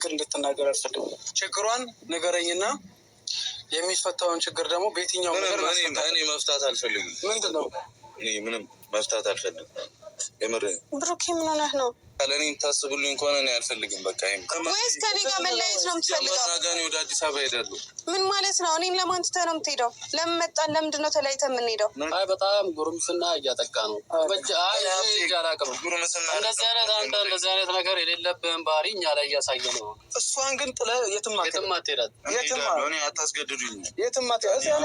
ችግር እንድትናገር አልፈልግም። ችግሯን ንገረኝና የሚፈታውን ችግር ደግሞ በየትኛው ነገር እኔ መፍታት አልፈልግም። ምንድን ነው ምንም መፍታት አልፈልግም። ብሩኬ ምን ሆነህ ነው? ለእኔ ታስቡልኝ ከሆነ እኔ አልፈልግም። በቃ ወይስ ከኔ ጋር መለያየት ነው የምትፈልገው? ወደ አዲስ አበባ ሄዳሉ። ምን ማለት ነው? እኔም ለማን ትተህ ነው የምትሄደው? ለምን መጣን? ለምንድን ነው ተለያይተ የምንሄደው? አይ በጣም ጉርምስና እያጠቃ ነው። እንደዚህ አይነት አንተ እንደዚህ አይነት ነገር የሌለብህን ባህሪ እኛ ላይ እያሳየ ነው። እሷን ግን ጥለ የትም የትም አታስገድዱኝ። የትም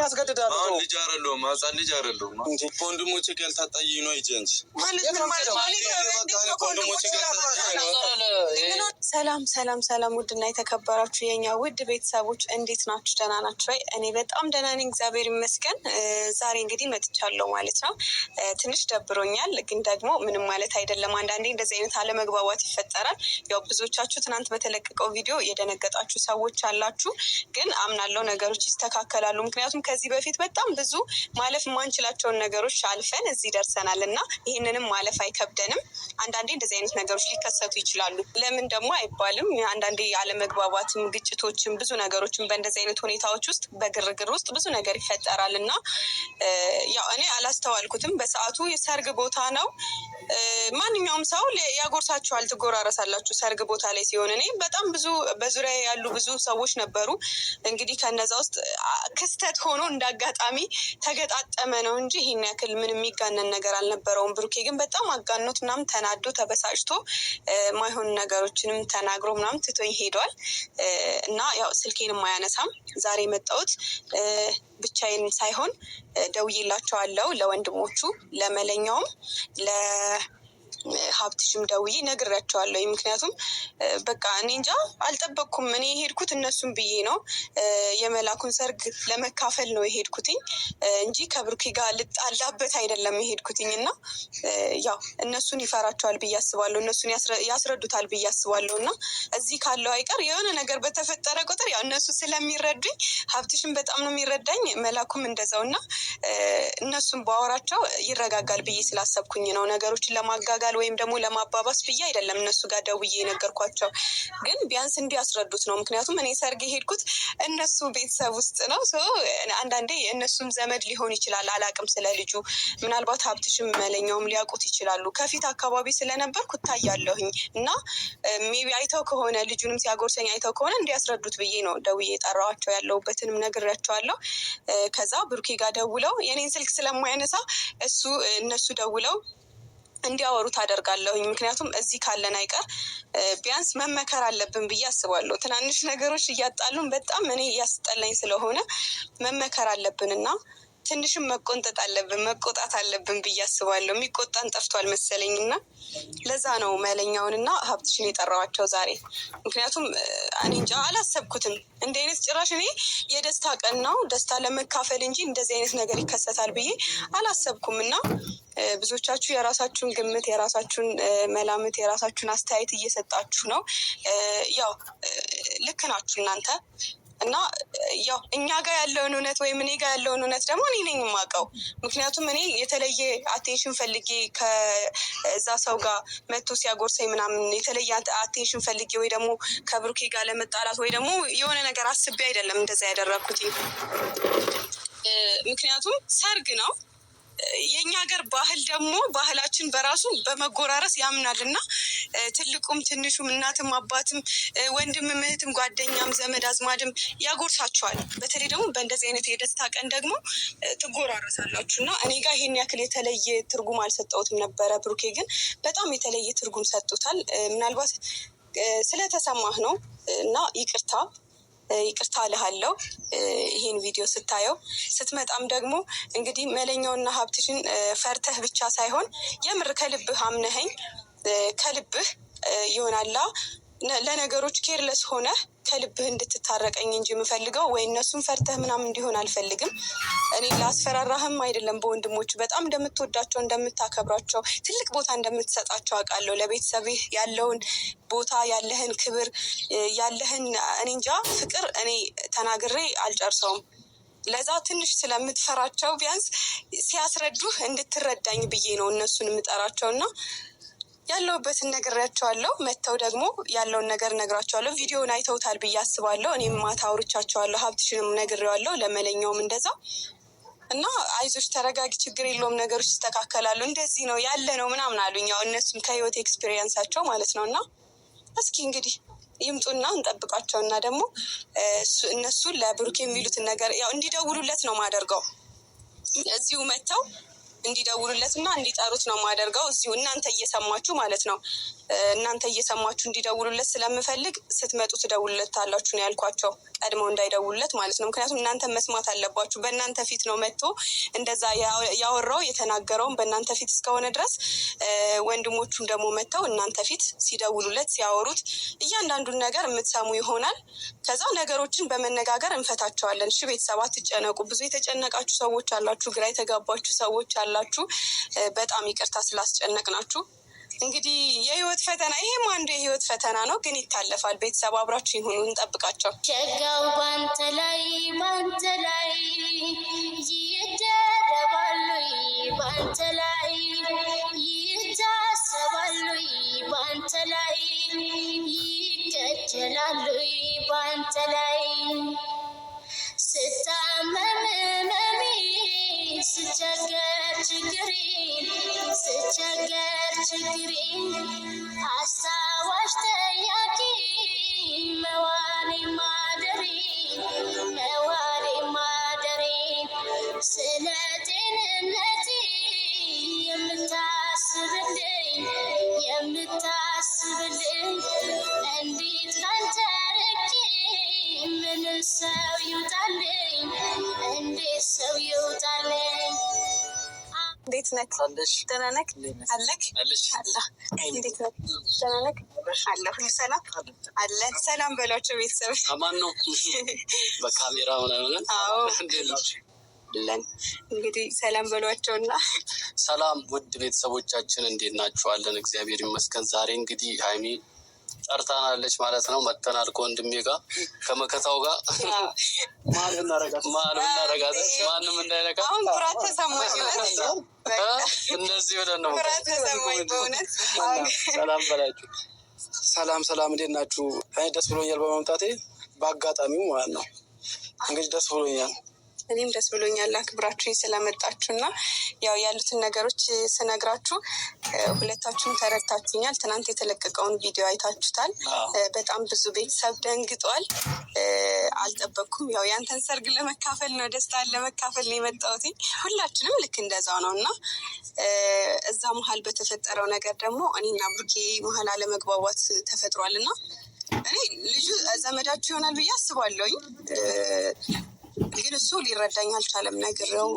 አስገድዳለሁ። ልጅ አይደለሁም፣ ሕፃን ልጅ አይደለሁም። ከወንድሞቼ ጋር ልታጣይኝ ነው? ይጀንጅ ማለት ነው ማለት ነው ሰላም ሰላም ሰላም፣ ውድና የተከበራችሁ የኛ ውድ ቤተሰቦች እንዴት ናችሁ? ደህና ናችሁ ወይ? እኔ በጣም ደህና ነኝ፣ እግዚአብሔር ይመስገን። ዛሬ እንግዲህ መጥቻለሁ ማለት ነው። ትንሽ ደብሮኛል፣ ግን ደግሞ ምንም ማለት አይደለም። አንዳንዴ እንደዚህ አይነት አለመግባባት ይፈጠራል። ያው ብዙዎቻችሁ ትናንት በተለቀቀው ቪዲዮ የደነገጣችሁ ሰዎች አላችሁ፣ ግን አምናለው ነገሮች ይስተካከላሉ። ምክንያቱም ከዚህ በፊት በጣም ብዙ ማለፍ የማንችላቸውን ነገሮች አልፈን እዚህ ደርሰናል እና ይህንንም ማለፍ አይከብደንም። አንዳንዴ እንደዚህ አይነት ነገሮች ነገሮች ሊከሰቱ ይችላሉ። ለምን ደግሞ አይባልም። አንዳንዴ አለመግባባትም፣ ግጭቶችም፣ ብዙ ነገሮችም በእንደዚህ አይነት ሁኔታዎች ውስጥ በግርግር ውስጥ ብዙ ነገር ይፈጠራል እና ያው እኔ አላስተዋልኩትም። በሰዓቱ የሰርግ ቦታ ነው። ማንኛውም ሰው ያጎርሳችኋል፣ ትጎራረሳላችሁ ሰርግ ቦታ ላይ ሲሆን እኔ በጣም ብዙ በዙሪያ ያሉ ብዙ ሰዎች ነበሩ። እንግዲህ ከነዛ ውስጥ ክስተት ሆኖ እንዳጋጣሚ ተገጣጠመ ነው እንጂ ይህን ያክል ምን የሚጋነን ነገር አልነበረውም። ብሩኬ ግን በጣም አጋኖት ምናምን ተናዶ ተበሳጭቶ ማይሆን ነገሮችንም ተናግሮ ምናምን ትቶኝ ሄዷል እና ያው ስልኬንም አያነሳም። ዛሬ መጣሁት ብቻዬን ሳይሆን ደውዬላቸዋለሁ ለወንድሞቹ ለመለኛውም ሀብትሽም ደውዬ ነግሬያቸዋለሁ። ምክንያቱም በቃ እኔ እንጃ አልጠበቅኩም። እኔ የሄድኩት እነሱን ብዬ ነው የመላኩን ሰርግ ለመካፈል ነው የሄድኩትኝ እንጂ ከብሩኬ ጋር ልጣላበት አይደለም የሄድኩትኝ እና ያው እነሱን ይፈራቸዋል ብዬ አስባለሁ። እነሱን ያስረዱታል ብዬ አስባለሁ እና እዚህ ካለው አይቀር የሆነ ነገር በተፈጠረ ቁጥር ያው እነሱ ስለሚረዱኝ ሀብትሽም በጣም ነው የሚረዳኝ፣ መላኩም እንደዛው እና እነሱን ባወራቸው ይረጋጋል ብዬ ስላሰብኩኝ ነው ነገሮችን ለማጋጋል ለመቀጠል ወይም ደግሞ ለማባባስ ብዬ አይደለም እነሱ ጋር ደውዬ የነገርኳቸው፣ ግን ቢያንስ እንዲያስረዱት ነው። ምክንያቱም እኔ ሰርግ የሄድኩት እነሱ ቤተሰብ ውስጥ ነው። አንዳንዴ እነሱም ዘመድ ሊሆን ይችላል፣ አላቅም ስለ ልጁ። ምናልባት ሀብትሽም መለኛውም ሊያውቁት ይችላሉ። ከፊት አካባቢ ስለነበርኩ እታያለሁኝ እና ሜቢ አይተው ከሆነ ልጁንም ሲያጎርሰኝ አይተው ከሆነ እንዲያስረዱት ብዬ ነው ደውዬ የጠራዋቸው። ያለሁበትንም ነግሬያቸዋለሁ። ከዛ ብሩኬ ጋር ደውለው የኔን ስልክ ስለማያነሳ እሱ እነሱ ደውለው እንዲያወሩ ታደርጋለሁኝ። ምክንያቱም እዚህ ካለን አይቀር ቢያንስ መመከር አለብን ብዬ አስባለሁ። ትናንሽ ነገሮች እያጣሉን በጣም እኔ እያስጠላኝ ስለሆነ መመከር አለብን እና ትንሽም መቆንጠጥ አለብን መቆጣት አለብን ብዬ አስባለሁ። የሚቆጣን ጠፍቷል መሰለኝ እና ለዛ ነው መለኛውን እና ሀብትሽን የጠራዋቸው ዛሬ። ምክንያቱም እኔ እንጃ አላሰብኩትም እንዲህ አይነት ጭራሽ እኔ የደስታ ቀን ነው ደስታ ለመካፈል እንጂ እንደዚህ አይነት ነገር ይከሰታል ብዬ አላሰብኩም እና ብዙዎቻችሁ የራሳችሁን ግምት፣ የራሳችሁን መላምት፣ የራሳችሁን አስተያየት እየሰጣችሁ ነው። ያው ልክ ናችሁ እናንተ እና ያው እኛ ጋር ያለውን እውነት ወይም እኔ ጋር ያለውን እውነት ደግሞ እኔ ነኝ የማውቀው። ምክንያቱም እኔ የተለየ አቴንሽን ፈልጌ ከዛ ሰው ጋር መቶ ሲያጎርሰኝ ምናምን የተለየ አቴንሽን ፈልጌ ወይ ደግሞ ከብሩኬ ጋር ለመጣላት ወይ ደግሞ የሆነ ነገር አስቤ አይደለም እንደዛ ያደረግኩት። ምክንያቱም ሰርግ ነው የእኛ ሀገር ባህል ደግሞ ባህላችን በራሱ በመጎራረስ ያምናል እና ትልቁም ትንሹም እናትም አባትም ወንድምም እህትም ጓደኛም ዘመድ አዝማድም ያጎርሳችኋል። በተለይ ደግሞ በእንደዚህ አይነት የደስታ ቀን ደግሞ ትጎራረሳላችሁ እና እኔ ጋር ይሄን ያክል የተለየ ትርጉም አልሰጠውትም ነበረ። ብሩኬ ግን በጣም የተለየ ትርጉም ሰጡታል። ምናልባት ስለተሰማህ ነው እና ይቅርታ ይቅርታ ልሃለው ይህን ቪዲዮ ስታየው። ስትመጣም ደግሞ እንግዲህ መለኛውና ሀብትሽን ፈርተህ ብቻ ሳይሆን የምር ከልብህ አምነኸኝ ከልብህ ይሆናላ ለነገሮች ኬርለስ ሆነ ከልብህ እንድትታረቀኝ እንጂ የምፈልገው ወይ እነሱን ፈርተህ ምናምን እንዲሆን አልፈልግም። እኔ ላስፈራራህም አይደለም። በወንድሞች በጣም እንደምትወዳቸው እንደምታከብራቸው፣ ትልቅ ቦታ እንደምትሰጣቸው አውቃለሁ። ለቤተሰብህ ያለውን ቦታ ያለህን ክብር ያለህን እኔ እንጃ ፍቅር እኔ ተናግሬ አልጨርሰውም። ለዛ ትንሽ ስለምትፈራቸው ቢያንስ ሲያስረዱህ እንድትረዳኝ ብዬ ነው እነሱን የምጠራቸው እና ያለውበትን ነግሬያቸዋለሁ። መጥተው ደግሞ ያለውን ነገር ነግራቸዋለሁ። ቪዲዮውን አይተውታል ብዬ አስባለሁ። እኔም ማታ አውርቻቸዋለሁ። ሀብትሽንም ነግሬዋለሁ። ለመለኛውም እንደዛ እና አይዞች፣ ተረጋጊ፣ ችግር የለውም፣ ነገሮች ይስተካከላሉ፣ እንደዚህ ነው ያለ ነው ምናምን አሉኝ። ያው እነሱም ከህይወት ኤክስፔሪየንሳቸው ማለት ነው። እና እስኪ እንግዲህ ይምጡና እንጠብቃቸው እና ደግሞ እነሱ ለብሩክ የሚሉትን ነገር ያው እንዲደውሉለት ነው ማደርገው እዚሁ መጥተው እንዲደውሉለት እና እንዲጠሩት ነው የማደርገው። እዚሁ እናንተ እየሰማችሁ ማለት ነው። እናንተ እየሰማችሁ እንዲደውሉለት ስለምፈልግ ስትመጡ ትደውሉለት አላችሁ ነው ያልኳቸው፣ ቀድመው እንዳይደውሉለት ማለት ነው። ምክንያቱም እናንተ መስማት አለባችሁ። በእናንተ ፊት ነው መጥቶ እንደዛ ያወራው የተናገረውን በእናንተ ፊት እስከሆነ ድረስ ወንድሞቹም ደግሞ መጥተው እናንተ ፊት ሲደውሉለት ሲያወሩት እያንዳንዱን ነገር የምትሰሙ ይሆናል። ከዛ ነገሮችን በመነጋገር እንፈታቸዋለን። እሺ ቤተሰብ አትጨነቁ። ብዙ የተጨነቃችሁ ሰዎች አላችሁ፣ ግራ የተጋባችሁ ሰዎች አላችሁ። ስላላችሁ በጣም ይቅርታ ስላስጨነቅ ናችሁ። እንግዲህ የህይወት ፈተና ይሄም አንዱ የህይወት ፈተና ነው፣ ግን ይታለፋል። ቤተሰብ አብራችሁ ይሁኑ፣ እንጠብቃቸው። ሸጋው ባንተ ላይ ባንተ ላይ ይደረባሉ፣ ባንተ ላይ ይታሰባሉ፣ ባንተ ላይ ባንተ ላይ ስታመም ስቸገር ችግሬን ስቸገር ችግሬን አስታዋሽ ተያቂ እንዴት ነህ? ደህና ነህ አለክ አለ እንዴት ነህ? ደህና ነህ አለ ሁሉ ሰላም አለ። ሰላም በሏቸው ቤተሰብ አማን ነው በካሜራ ምናምን። አዎ እንግዲህ ሰላም በሏቸውና ሰላም ውድ ቤተሰቦቻችን እንዴት ናችኋለን? እግዚአብሔር ይመስገን። ዛሬ እንግዲህ ሀይሚ ጠርታናለች ማለት ነው። መተናል ከወንድሜ ጋር ከመከታው ጋር ማንም እናረጋለን፣ ማንም እንዳይነካ ፍራት ተሰማኝ። ብለን ነው ተሰማኝ። በእውነት ሰላም በላችሁ። ሰላም ሰላም፣ እንዴት ናችሁ? እኔ ደስ ብሎኛል በመምጣቴ በአጋጣሚው ማለት ነው። እንግዲህ ደስ ብሎኛል። እኔም ደስ ብሎኛል አክብራችሁ ስለመጣችሁ እና ያው ያሉትን ነገሮች ስነግራችሁ ሁለታችሁም ተረድታችሁኛል። ትናንት የተለቀቀውን ቪዲዮ አይታችሁታል። በጣም ብዙ ቤተሰብ ደንግጧል። አልጠበቅኩም። ያው ያንተን ሰርግ ለመካፈል ነው፣ ደስታን ለመካፈል ነው የመጣሁት። ሁላችንም ልክ እንደዛው ነው እና እዛ መሀል በተፈጠረው ነገር ደግሞ እኔና ብሩኬ መሀል አለመግባባት ተፈጥሯል እና እኔ ልጁ ዘመዳችሁ ይሆናል ብዬ አስባለሁኝ። ግን እሱ ሊረዳኝ አልቻለም። ነግሬው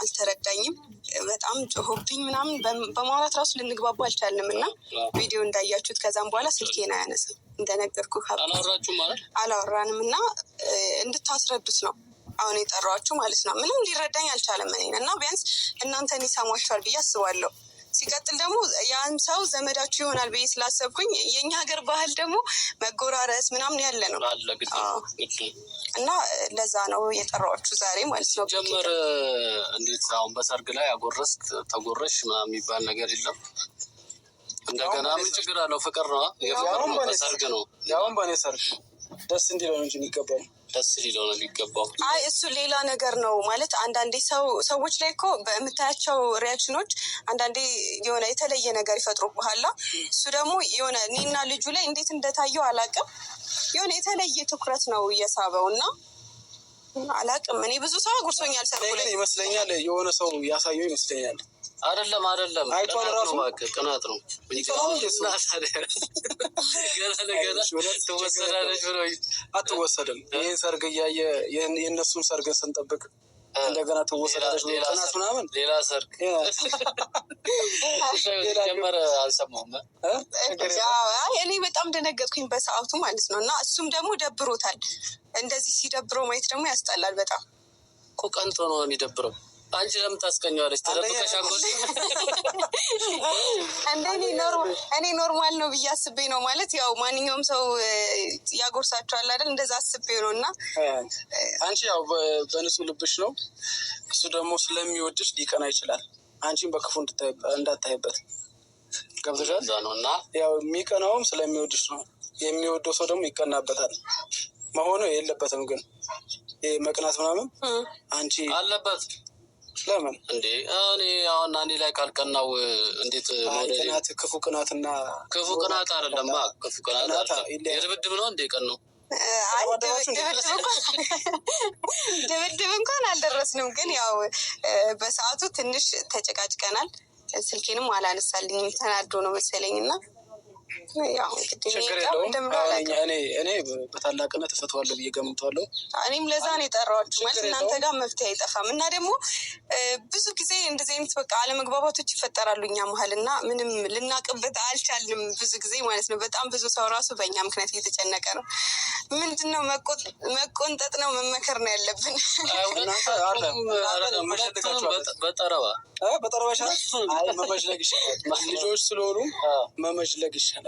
አልተረዳኝም። በጣም ጮሆብኝ ምናምን በማውራት ራሱ ልንግባቡ አልቻልንም እና ቪዲዮ እንዳያችሁት ከዛም በኋላ ስልኬን አያነሳም። እንደነገርኩ አላወራንም እና እንድታስረዱት ነው አሁን የጠራችሁ ማለት ነው። ምንም ሊረዳኝ አልቻለም እኔን እና ቢያንስ እናንተን ይሰማችኋል ብዬ አስባለሁ። ሲቀጥል ደግሞ ያን ሰው ዘመዳችሁ ይሆናል ብዬ ስላሰብኩኝ የእኛ ሀገር ባህል ደግሞ መጎራረስ ምናምን ያለ ነው እና ለዛ ነው የጠራኋችሁ ዛሬ ማለት ነው። ጀምር እንዴት አሁን በሰርግ ላይ አጎረስክ ተጎረሽ የሚባል ነገር የለም። እንደገና ምን ችግር አለው? ፍቅር ነው፣ የፍቅር ነው፣ በሰርግ ነው። ያሁን በእኔ ሰርግ ደስ እንዲለው ነው እንጂ የሚገባው ደስ ሊለው ነው የሚገባው። አይ እሱ ሌላ ነገር ነው ማለት አንዳንዴ ሰው ሰዎች ላይ እኮ በምታያቸው ሪያክሽኖች አንዳንዴ የሆነ የተለየ ነገር ይፈጥሩ ይፈጥሩብሃል። እሱ ደግሞ የሆነ እኔና ልጁ ላይ እንዴት እንደታየው አላቅም፣ የሆነ የተለየ ትኩረት ነው እየሳበው እና አላቅም። እኔ ብዙ ሰው አጉርሶኛል፣ ሰ ይመስለኛል፣ የሆነ ሰው ያሳየው ይመስለኛል። አይደለም አይደለም፣ አይቷን ራሱ ቅናት ነው። አትወሰድም። ይህን ሰርግ እያየ የእነሱን ሰርግ ስንጠብቅ እንደገና ትወሰዳለች ቅናት ምናምን ሌላ ሰርግ ጀመረ። አልሰማሁም። እኔ በጣም ደነገጥኩኝ በሰዓቱ ማለት ነው። እና እሱም ደግሞ ደብሮታል። እንደዚህ ሲደብረው ማየት ደግሞ ያስጠላል በጣም እኮ። ቀንቶ ነው የሚደብረው አንቺ ለምን ታስቀኘዋለች? ተደብቀሽ እኔ ኖርማል ነው ብዬ አስቤ ነው ማለት ያው ማንኛውም ሰው ያጎርሳቸዋል አይደል? እንደዛ አስቤ ነው። እና አንቺ ያው በንጹህ ልብሽ ነው፣ እሱ ደግሞ ስለሚወድሽ ሊቀና ይችላል። አንቺን በክፉ እንዳታይበት ገብቶሻል ነው። እና ያው የሚቀናውም ስለሚወድሽ ነው። የሚወደው ሰው ደግሞ ይቀናበታል። መሆኑ የለበትም ግን መቅናት ምናምን አንቺ አለበት ለምን እንዴ? እኔ አሁን አንዴ ላይ ካልቀናው እንዴት ቅናት? ክፉ ቅናትና ክፉ ቅናት አይደለም፣ ክፉ ቅናት የድብድብ ነው እንዴ? ቀን ነው ድብድብ እንኳን አልደረስንም፣ ግን ያው በሰዓቱ ትንሽ ተጨቃጭቀናል። ስልኬንም አላነሳልኝም ተናዶ ነው መሰለኝ እና እኔ በታላቅነት እፈተዋለሁ ብዬ ገምተዋለሁ። እኔም ለዛ ነው የጠራኋችሁ ማለት እናንተ ጋር መፍትሄ አይጠፋም እና ደግሞ ብዙ ጊዜ እንደዚህ አይነት በቃ አለመግባባቶች ይፈጠራሉ እኛ መሀል እና ምንም ልናቅበት አልቻልንም። ብዙ ጊዜ ማለት ነው። በጣም ብዙ ሰው ራሱ በእኛ ምክንያት እየተጨነቀ ነው። ምንድን ነው መቆንጠጥ ነው መመከር ነው ያለብን። በጠረባ መመጅለግ ልጆች ስለሆኑ መመጅለግ ይሻላል።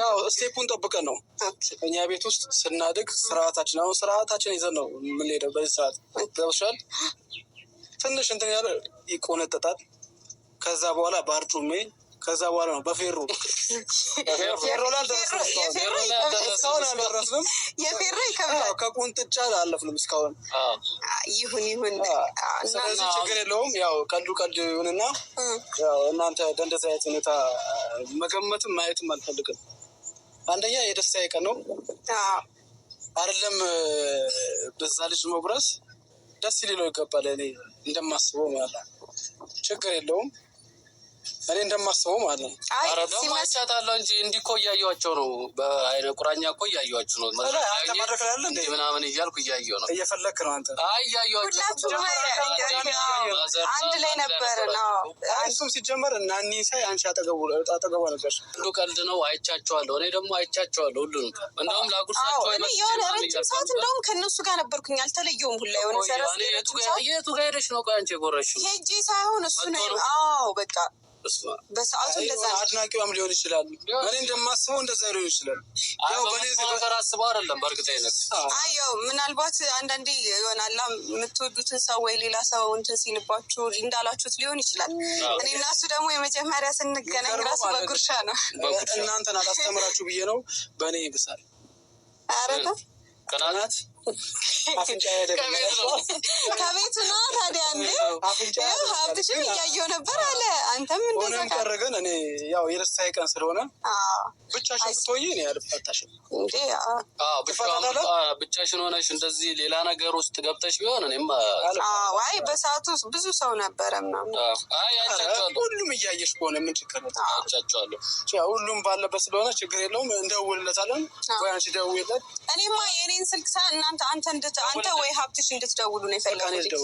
ያው ስቴፑን ጠብቀን ነው እኛ ቤት ውስጥ ስናድግ ስርዓታችን አሁን ስርዓታችን ይዘን ነው የምንሄደው። በዚህ ሰዓት ገብሻል። ትንሽ እንትን ያለ ይቆነጠጣል። ከዛ በኋላ ባርጩሜ ከዛ በኋላ ነው በፌሮ የፌሮ ይከብዳል። ከቁንጥጫ አላለፍንም እስካሁን። ይሁን ይሁን፣ ስለዚህ ችግር የለውም። ያው ቀልዱ ቀልድ ይሁንና እናንተ በእንደዚህ አይነት ሁኔታ መገመትም ማየትም አልፈልግም። አንደኛ የደስታ ቀን ነው አይደለም፣ በዛ ልጅ መጉረስ ደስ ሊለው ይገባል። እኔ እንደማስበው ማለት ችግር የለውም። እኔ እንደማስበው ማለት ነው። አይቻታለሁ እንጂ እንዲህ እኮ እያየኋቸው ነው። በአይነ ቁራኛ እኮ እያየኋችሁ ነው ምናምን እያልኩ እያየሁ ነው። እየፈለክ ነው አንተ? አይ እያየኋቸው አንድ ላይ ነበር ነው። እሱም ሲጀመር እና ኒሳ አንቺ አጠገቧ ነበር። አንዱ ቀልድ ነው። አይቻቸዋለሁ። እኔ ደግሞ አይቻቸዋለሁ ሁሉንም። እንደውም ላጉርሳቸው የሆነ ረጅም ሰዓት እንደውም ከእነሱ ጋር ነበርኩኝ። አልተለየውም ሁላ የሆነ ሰረስ የቱ ጋር ሄደሽ ነው? ቆይ አንቺ የጎረሽው ሄጄ ሳይሆን እሱ ነው። አዎ በቃ በሰዓቱ አድናቂዋም ሊሆን ይችላል። እኔ እንደማስበው እንደዛ ሊሆን ይችላል። ያው በኔ አስበው አይደለም። በእርግጠኝነት ያው ምናልባት አንዳንዴ ይሆናላ የምትወዱትን ሰው ወይ ሌላ ሰው እንትን ሲንባችሁ እንዳላችሁት ሊሆን ይችላል። እኔ እና እሱ ደግሞ የመጀመሪያ ስንገናኝ ራሱ በጉርሻ ነው። እናንተን አላስተምራችሁ ብዬ ነው በእኔ ይብሳል። አረ ተው ቅናት ከቤቱ ነው ታዲያ እንዴ? ሀብትሽም እያየው ነበር አለ። አንተም እንደሆነ ቀረ። እኔ ያው የደስታዬ ቀን ስለሆነ ብቻሽን ብትሆኚ እኔ አልፋታሽም። ብቻሽን ሆነሽ እንደዚህ ሌላ ነገር ውስጥ ገብተሽ ቢሆን እኔም አይ፣ በሰዓቱ ብዙ ሰው ነበረ ምናምን። ሁሉም እያየሽ ከሆነ ምን ችግር ነው? አጫቸዋለሁ። ሁሉም ባለበት ስለሆነ ችግር የለውም። እንደውልለታለን ወይ አንቺ ደውይለት። እኔማ የኔን ስልክ ሳ እናንተ አንተ እንድት አንተ ወይ ሀብትሽ እንድትደውሉ ነው የፈለገው።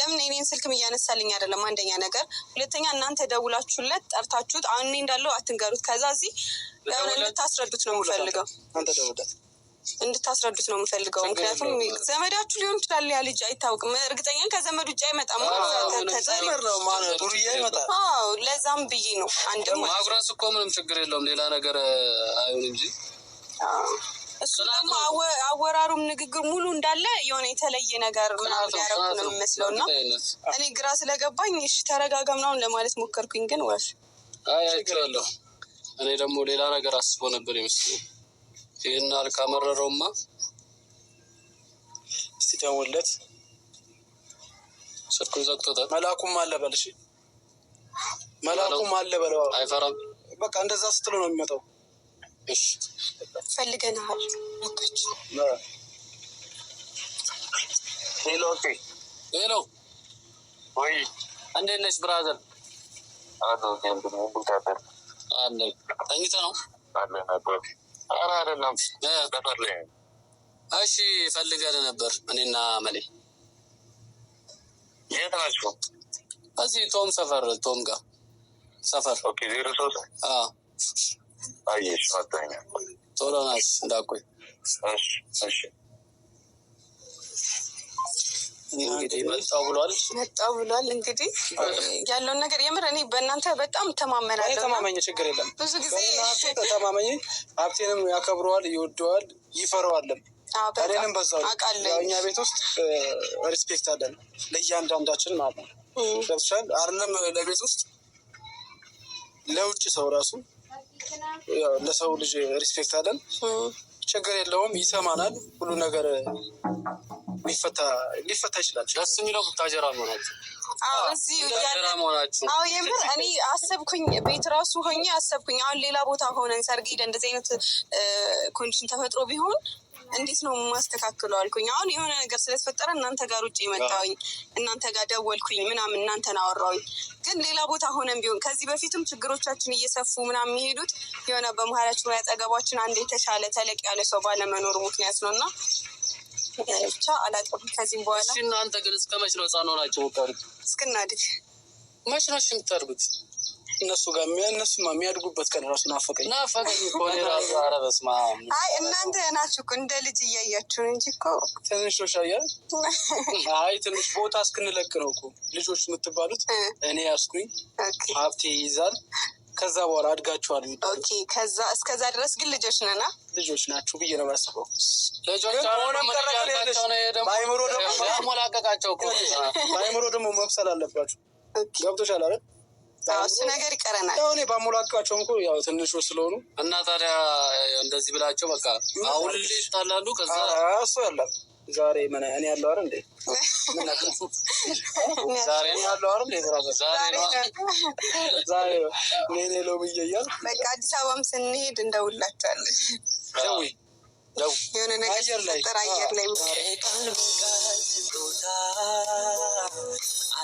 ለምን እኔን ስልክም እያነሳልኝ አይደለም? አንደኛ ነገር፣ ሁለተኛ እናንተ ደውላችሁለት ጠርታችሁት አሁን እኔ እንዳለው አትንገሩት። ከዛ እዚህ እንድታስረዱት ነው የምፈልገው እንድታስረዱት ነው የምፈልገው። ምክንያቱም ዘመዳችሁ ሊሆን ይችላል። ያ ልጅ አይታወቅም። እርግጠኛ ከዘመድ ውጭ አይመጣም። ለዛም ብዬ ነው አንድ ማጉረስ እኮ ምንም ችግር የለውም። ሌላ ነገር አይሆን እንጂ እሱ ደግሞ አወራሩም ንግግር ሙሉ እንዳለ የሆነ የተለየ ነገር ምናምን ያደረኩ ነው የሚመስለው እና እኔ ግራ ስለገባኝ እሺ ተረጋጋ ምናምን ለማለት ሞከርኩኝ። ግን ወፍ አይችላለሁ። እኔ ደግሞ ሌላ ነገር አስቦ ነበር ይመስል ይህን አልካመረረውማ። እስቲ ደውልለት። ስልኩን ዘግቶታል። መላኩም አለ በል እሺ፣ መላኩም አለ በለው። አይፈራም። በቃ እንደዛ ስትሎ ነው የሚመጣው እሺ ፈልገናል ሞከች ሄሎ ሄሎ፣ ወይ እንዴት ነሽ ብራዘር? ነው? እሺ ፈልገን ነበር እኔና መሌ። የት ናችሁ? እዚህ ቶም ሰፈር ቶም ጋር ሰፈር ዜሮ ሶስት አየሽ መጣኛል። ቶሎ እንዳቆይ ብሏል ብሏል። እንግዲህ ያለውን ነገር የምር እኔ በእናንተ በጣም ተማመናለሁ። ተማመኝ፣ ችግር የለም ብዙ ጊዜ ተማመኝ። ሀብቴንም ያከብረዋል፣ ይወደዋል፣ ይፈረዋልም። እኔንም በዛው እኛ ቤት ውስጥ ሪስፔክት አለን ለእያንዳንዳችን ማለት ነው። አይደለም ለቤት ውስጥ ለውጭ ሰው ራሱ ለሰው ልጅ ሪስፔክት አለን። ችግር የለውም፣ ይሰማናል። ሁሉ ነገር ሊፈታ ይችላል። ደስ የሚለው ብታጀራ መሆናችሁ መሆናችሁ የምር እኔ አሰብኩኝ፣ ቤት ራሱ ሆኜ አሰብኩኝ። አሁን ሌላ ቦታ ሆነን ሰርግ ሄደን እንደዚህ አይነት ኮንዲሽን ተፈጥሮ ቢሆን እንዴት ነው ማስተካክለው አልኩኝ። አሁን የሆነ ነገር ስለተፈጠረ እናንተ ጋር ውጭ የመጣሁኝ እናንተ ጋር ደወልኩኝ ምናምን እናንተን አወራሁኝ። ግን ሌላ ቦታ ሆነም ቢሆን ከዚህ በፊትም ችግሮቻችን እየሰፉ ምናምን የሚሄዱት የሆነ በመሀላችን ያጠገባችን አንድ የተሻለ ተለቅ ያለ ሰው ባለመኖሩ ምክንያት ነው እና ብቻ አላውቅም። ከዚህም በኋላ እናንተ ግን እስከ መች ነው ህጻን ሆናችሁ የምታደርጉት? እስክናድግ መች ነው የምታደርጉት? እነሱ ጋር እነሱ የሚያድጉበት ቀን ራሱ ናፈቀኝ ናፈቀኝ ከሆነ ራሱ ኧረ በስመ አብ። አይ እናንተ ናችሁ እንደ ልጅ እያያችሁ እንጂ እኮ ትንሾች አያል። አይ ትንሽ ቦታ እስክንለቅ ነው እኮ ልጆች የምትባሉት። እኔ ያስኩኝ ሀብቴ ይይዛል። ከዛ በኋላ አድጋችኋል። ኦኬ ከዛ እስከዛ ድረስ ግን ልጆች ነና ልጆች ናችሁ ብዬ ነው ያስበው። ልጆች ደግሞ መብሰል አለባችሁ። ገብቶሻል አይደል? እሱ ነገር ይቀረናል። ሁኔ ባሞላቃቸውም እኮ ያው ትንሹ ስለሆኑ እና ታዲያ እንደዚህ ብላቸው በቃ አሁን ልጅ ታላሉ ከዛ እሱ ያለ ዛሬ ምን እኔ ያለው አር እንዴ? ዛሬ ያለው ዛሬ ኔኔ በቃ አዲስ አበባም ስንሄድ እንደውላቸዋለን። የሆነ ነገር አየር ላይ ቃል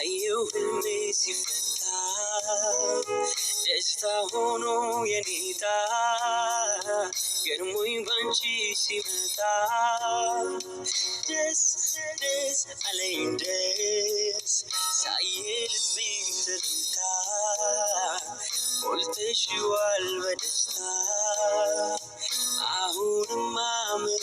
አየው ህልሜ ሲፈ ደስታ ሆኖ የኔታ ገርሞኝ ባንቺ ሲመጣ ደስ ደስ አለኝ ደስ ሳየ ልቤን ትርታ ሞልተሽዋል በደስታ አሁንማ ምን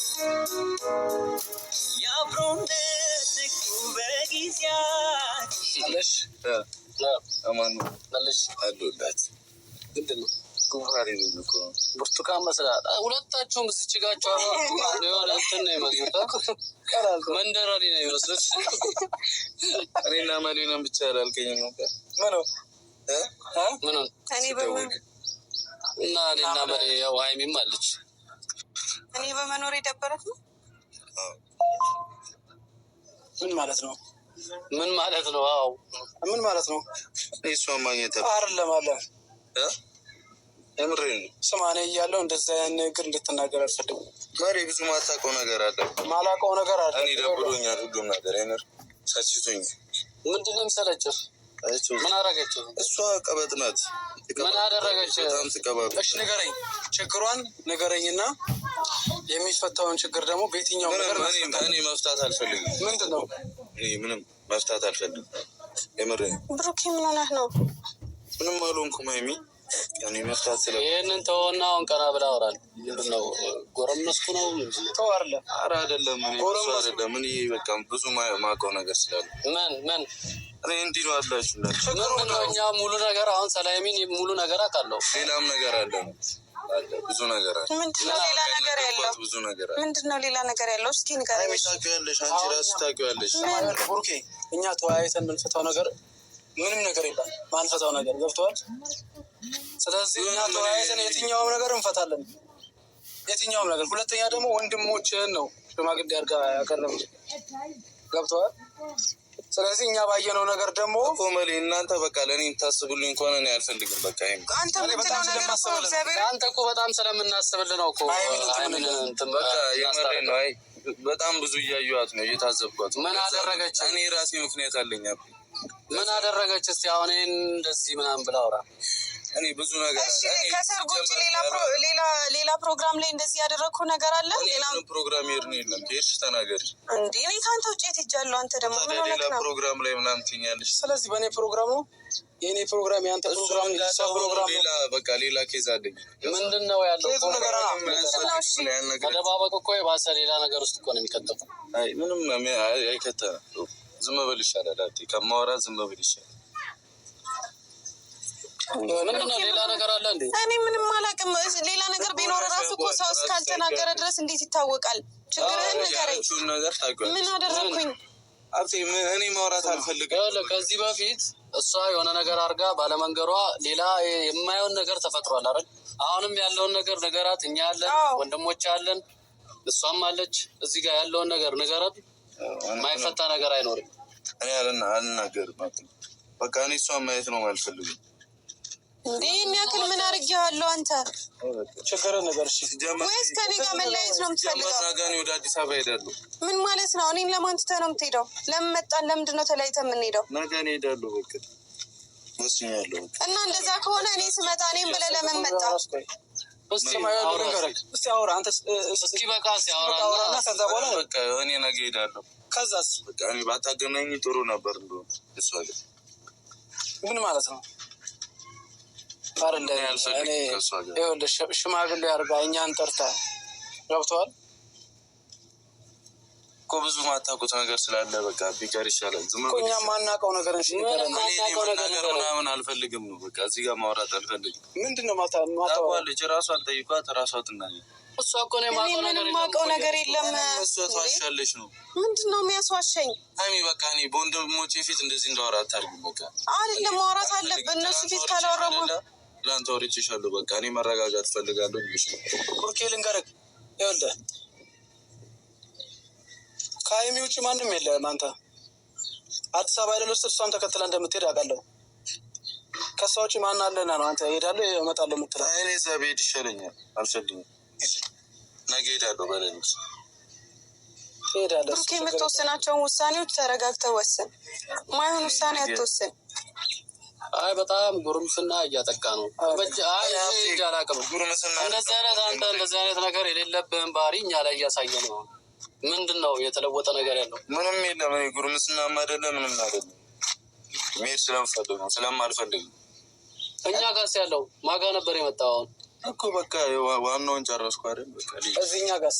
ብርቱካን መስራት ሁለታችሁም እዚች ጋቸው የሆነ እንትን ነው የመጡት። ነው ይመስሉት። እኔና መሊናም ብቻ ያላልከኝ ነበር እና እኔና መሊ ያው ሀይሚም አለች እኔ በመኖር የደበረት ነው። ምን ማለት ነው? ምን ማለት ነው? አዎ ምን ማለት ነው? እሷ ማግኘት አይደለም። አለ ስማ፣ ስማኔ እያለው እንደዚያ ያን ንግግር እንድትናገር አልፈልግም። መሪ ብዙ ማታውቀው ነገር አለ፣ ማላውቀው ነገር አለ። እኔ ደብሮኛል፣ ሁሉም ነገር ሰችቶኛል። ምንድን ነው የሚሰለችው? ምን አደረገችህ? እሷ ቀበጥ ናት። ምን አደረገች? እሺ ንገረኝ፣ ችግሯን ንገረኝና የሚፈታውን ችግር ደግሞ በየትኛው እኔ መፍታት አልፈልግም። ምንድን ነው? ምንም መፍታት አልፈልግም። የምር ብሩኬ፣ ምን ሆነህ ነው? ምንም አልሆንኩም ሀይሚ ይህንን ተወና አሁን ቀና ብላ አውራል። ምንድን ነው ጎረመስኩ ነው? ኧረ አይደለም አይደለም። እኔ በቃ ብዙ ማውቀው ነገር ስላለ ምን ምን እኔ እንዲህ ነው አላችሁ እኛ ሙሉ ነገር አሁን ሰላይሚን ሙሉ ነገር አውቃለሁ። ሌላም ነገር አለ ብዙ ነገር አለ። ምንድን ነው ሌላ ነገር ያለው? ብዙ ነገር አለ። ምንድን ነው ሌላ ነገር ያለው? እስኪ ንገረኝ። ታውቂዋለሽ፣ አንቺ እራስሽ ታውቂዋለሽ። ቡርኬ እኛ ተወያይተን የምንፈታው ነገር ምንም ነገር የለም። ማንፈታው ነገር ገብተዋል ስለዚህ እኛ ተወያይተን የትኛውም ነገር እንፈታለን፣ የትኛውም ነገር። ሁለተኛ ደግሞ ወንድሞችህን ነው ሽማግሌ አድርጋ ያቀረብ ገብተዋል። ስለዚህ እኛ ባየነው ነገር ደግሞ ኮመሌ እናንተ በቃ ለእኔ ታስቡልኝ ከሆነ እኔ አልፈልግም። በቃ አንተ እኮ በጣም ስለምናስብል ነው እኮ ነው። አይ በጣም ብዙ እያየኋት ነው እየታዘብኳት። ምን አደረገች? እኔ ራሴ ምክንያት አለኝ። ምን አደረገች? እስኪ አሁን ይህን እንደዚህ ምናምን ብላ አውራ እኔ ብዙ ነገር ከሰርጉ ውጭ ሌላ ፕሮግራም ላይ እንደዚህ ያደረግኩ ነገር አለ። ሌላም ፕሮግራም ሄድን የለም። ከሄድሽ ተናገሪ እንዴ። እኔ ከአንተ ውጭ የት ሄጃለሁ? አንተ ደግሞ ሌላ ፕሮግራም ላይ ምናምን ትይኛለሽ። ስለዚህ በእኔ ፕሮግራም ነው የእኔ ፕሮግራም የአንተ ፕሮግራም ፕሮግራም ሌላ በቃ ሌላ ኬዝ አለኝ። ምንድን ነው ያለው ነገር መደባበቅ እኮ የባሰ ሌላ ነገር ውስጥ እኮ ነው የሚከተው። ምንም አይከተም። ዝም ብል ይሻላል። ከማወራ ዝም ብል ይሻላል። እኔ ምንም አላውቅም። ሌላ ነገር ቢኖር ራሱ እኮ ሰው እስካልተናገረ ድረስ እንዴት ይታወቃል? ችግርህን ንገረኝ። ምን አደረግኩኝ? እኔ ማውራት አልፈልግም። ከዚህ በፊት እሷ የሆነ ነገር አድርጋ ባለመንገሯ ሌላ የማየውን ነገር ተፈጥሯል አይደል? አሁንም ያለውን ነገር ንገራት። እኛ አለን፣ ወንድሞች አለን፣ እሷም አለች። እዚህ ጋር ያለውን ነገር ንገራት። የማይፈታ ነገር አይኖርም። እኔ አልናገርም። በቃ እኔ እሷን ማየት ነው አልፈልግም እንዴ የሚያክል ምን አድርጌዋለሁ? አንተ ቸገረ ነገር እሺ፣ ወይስ ከኔ ጋር መለያየት ነው የምትፈልገው? ወደ አዲስ አበባ ይሄዳሉ። ምን ማለት ነው? እኔን ለማን ትተህ ነው የምትሄደው? ለምን መጣን? ለምንድን ነው ተለያይተህ የምንሄደው? ነገ እኔ እሄዳለሁ። በቃ እና እንደዛ ከሆነ እኔ ስመጣ እኔም ብለህ ለምን መጣ? እኔ ነገ እሄዳለሁ። ከዛስ? በቃ እኔ ባታገናኝ ጥሩ ነበር። እንደሆነ ምን ማለት ነው? ሽማግሌ አድርጋ እኛን ጠርታ ገብተዋል እኮ ብዙ ማታውቁት ነገር ስላለ በቃ ቢቀር ይሻላል። ዝም እኛ ማናውቀው ነገር ነገር ምናምን አልፈልግም ነው በቃ እዚህ ጋር ማውራት አልፈልግም። ምንድን ነው ታውቃለች፣ እራሷ አልጠይቋት፣ ራሷ ትናኝ እሷ እኮ ነው የማውቀው ነገር የለም። እሷ ተዋሻለች ነው ምንድን ነው የሚያስዋሸኝ? ሀይሚ በቃ እኔ በወንድሞቼ ፊት እንደዚህ እንዳወራ አታድርግም። በቃ አይደለም ማውራት አለብን እነሱ ፊት ካላወራማ ለአንተ ወርጅሻለሁ። በቃ እኔ መረጋጋት ፈልጋለሁ። ሽ ኦኬ፣ ልንገርህ፣ ይኸውልህ ከሀይሚ ውጭ ማንም የለም። አንተ አዲስ አበባ አይደል ውስጥ እሷን ተከትለ እንደምትሄድ አውቃለሁ። ከእሷ ውጭ ማን አለና ነው አንተ ሄዳለ እመጣለሁ የምትለው? እኔ እዛ ብሄድ ይሻለኛል። አልሸልኝ ነገ ሄዳለሁ። በለንት ሄዳለሁ። ብሩኬ፣ የምትወስናቸውን ውሳኔዎች ተረጋግተህ ወስን። ማይሆን ውሳኔ አትወስን። አይ በጣም ጉርምስና እያጠቃ ነው። እጅ ጉርምስና እንደዚህ አይነት አንተ እንደዚህ አይነት ነገር የሌለብህን ባህሪ እኛ ላይ እያሳየ ነው። ምንድን ነው የተለወጠ ነገር ያለው? ምንም የለም። እኔ ጉርምስና ማደለ ምንም አይደለም። ሜድ ስለምፈልግ ነው ስለማልፈልግ ነው። እኛ ጋስ ያለው ማጋ ነበር የመጣው አሁን እኮ በቃ ዋናውን ጨረስኩ አይደል? በቃ እዚህ እኛ ጋስ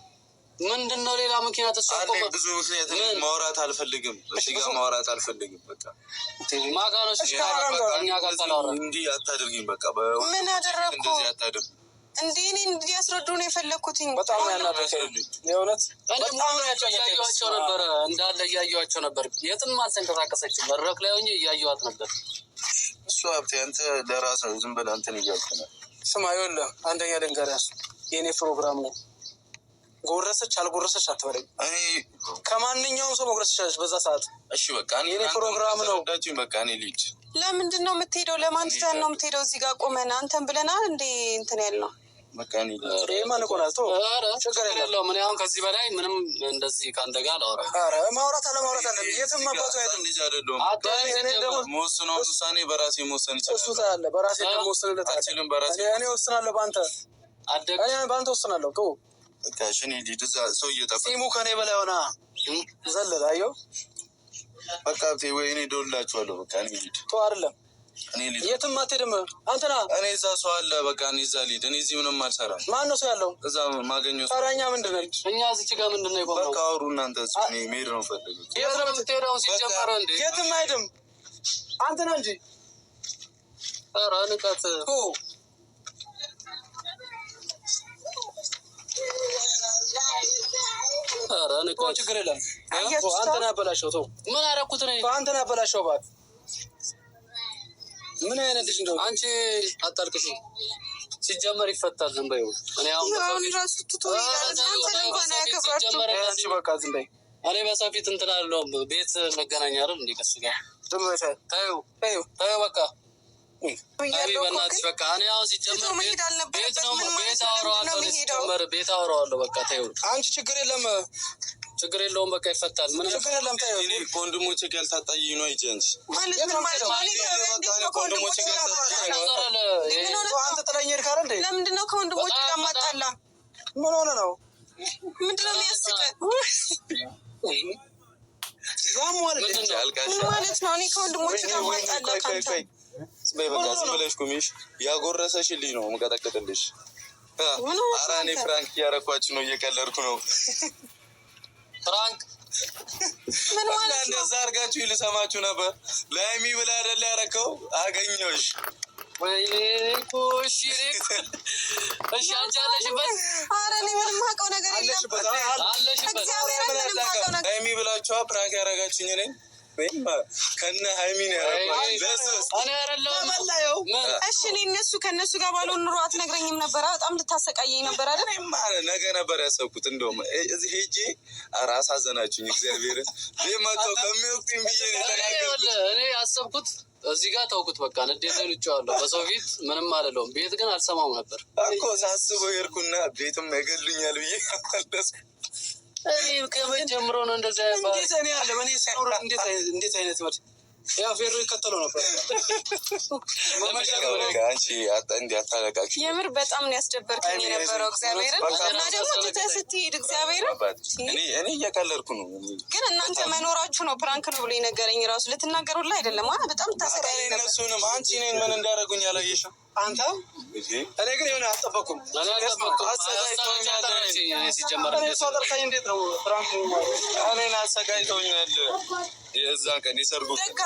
ምንድን ነው ሌላ ምክንያት? እሱ ብዙ ምክንያት ማውራት አልፈልግም፣ እዚህ ጋር ማውራት አልፈልግም። በቃ እንዲህ አታድርጊኝ። በቃ ምን አደረግኩ? እንዲህ እኔ እንዲያስረዱ ነው የፈለግኩትኝ። በጣም የእውነት ነበረ፣ እንዳለ እያየኋቸው ነበር። የትም አልተንቀሳቀሰችም። መድረክ ላይ ሆኜ እያየኋት ነበር። እሱ ሀብቴ፣ አንተ ለራስህ ዝም ብለህ አንተን እያልኩ ነው። ስማ፣ ይኸውልህ አንደኛ ደንገሪያሱ የእኔ ፕሮግራም ነው ጎረሰች አልጎረሰች አትበለኝ። ከማንኛውም ሰው መጉረስ በዛ ሰዓት። እሺ በቃ እኔ ፕሮግራም ነው በቃ እኔ ልጅ ለምንድን ነው የምትሄደው? ለማን ትተን ነው የምትሄደው? እዚህ ጋር ቆመን አንተን ብለናል እንዴ እንትን ያል ነው ከዚህ በላይ ምንም እንደዚህ ከአንተ ጋር ማውራት አለማውራት አለ የትም በራሴ ወስናለሁ በአንተ በአንተ ወስናለሁ ሲሙ ከኔ በላይ ሆና ዘለለ። አየሁ በቃ ወይ እኔ ደውልላችኋለሁ። በቃ እኔ ልሂድ። ተው አይደለም የትም አትሄድም። አንተና እኔ እዛ ሰው አለ። በቃ እኔ እዛ ልሂድ። እኔ እዚህ ምንም አልሰራም። ማን ነው ሰው ያለው እዛ ማገኘው? ኧረ ምንድን ነው እኛ እዚህ ጋር ምንድን ነው? በቃ አውሩ እናንተ። እኔ መሄድ ነው ፈልገው። የት ነው የምትሄደው? ሲጀመር እንደ የትም አይሄድም። አንተና እንጂ ኧረ ንቀት ችግር የለም። አንተን አበላሸው ተው። ምን አደረኩት? አንተን ያበላሸው እባክህ። ምን አይነት ልጅ እንደው አንቺ አታልቅሽ። ሲጀመር ይፈታል። ዝም በይው። እኔ በሰው ፊት እንትን አለውም። ቤት መገናኛ አይደል? እንደ ከሱ ጋር ተይው፣ ተይው፣ ተይው በቃ በእናትሽ በቃ አንቺ ችግር የለም ችግር የለውም። በቃ ይፈታል። ምን ችግር የለም። ተይው፣ ጋር ልታጣይኝ ነው አንተ ጥላኝ ሄድክ ለምንድን ነው ከወንድሞቼ ጋር ማጣላ? ምን ሆነ ነው ምንድን ነው የሚያስቀን ዛም ማለት ነው። እኔ ከወንድሞቼ ጋር ማጣላ ካንተ ስበይ በቃ ዝም ብለሽ ቁሚሽ። ያጎረሰሽን ነው የምቀጠቅጥልሽ። ኧረ እኔ ፍራንክ እያረኳችሁ ነው፣ እየቀለድኩ ነው። ፍራንክ እንደዛ አድርጋችሁ ልሰማችሁ ነበር። ላይሚ ብላ አይደል ያረከው። አገኘሁሽ። ወይኔ ብላችኋ ፕራንክ ያረጋችሁኝ ነኝ ከነ ሀይሚን እሺ፣ እኔ እነሱ ከእነሱ ጋር ባልሆን ኑሮ አትነግረኝም ነበረ። በጣም ልታሰቃየኝ ነበር አይደል? ነገ ነበር ያሰብኩት። እንደውም እዚህ ሄጄ ራስ አዘናችሁኝ። እግዚአብሔርን መተው ከሚወቅኝ ብዬ እኔ ያሰብኩት እዚህ ጋር ተውኩት። በቃ ንዴት ላይ ልጫዋለሁ። በሰው ፊት ምንም አልለውም። ቤት ግን አልሰማም ነበር እኮ ሳስበው ሄድኩና ቤትም ያገሉኛል ብዬ ከመጀምሮ ነው እንደዚያ እንዴት እኔ አለ እንዴት አይነት መርስ ያፌሮ ይከተለው የምር በጣም ነው ያስደበርከኝ የነበረው እግዚአብሔርን ደግሞ ትተህ ስትሄድ እግዚአብሔርን። እኔ እያቀለድኩ ነው፣ ግን እናንተ መኖራችሁ ነው ፕራንክ ነው ብሎ የነገረኝ ራሱ ልትናገሩ ላይ አይደለም። በጣም ታሰቃይ አንቺ እኔን ምን እንዳደረጉኝ አላየሽም አንተ እኔ ግን የሆነ አልጠበኩም። አሰቃይቶኛል። እዛ ቀን የሰርጉ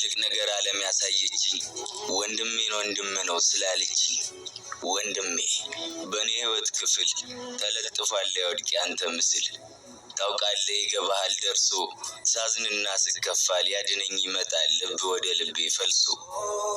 ትልቅ ነገር ዓለም ያሳየችኝ ወንድሜን ወንድም ነው ስላለችኝ ወንድሜ በእኔ ህይወት ክፍል ተለጥፏል ያወድቅ ያንተ ምስል ታውቃለ ይገባሃል ደርሶ ሳዝንና ስከፋል ያድነኝ ይመጣል ልብ ወደ ልቤ ፈልሶ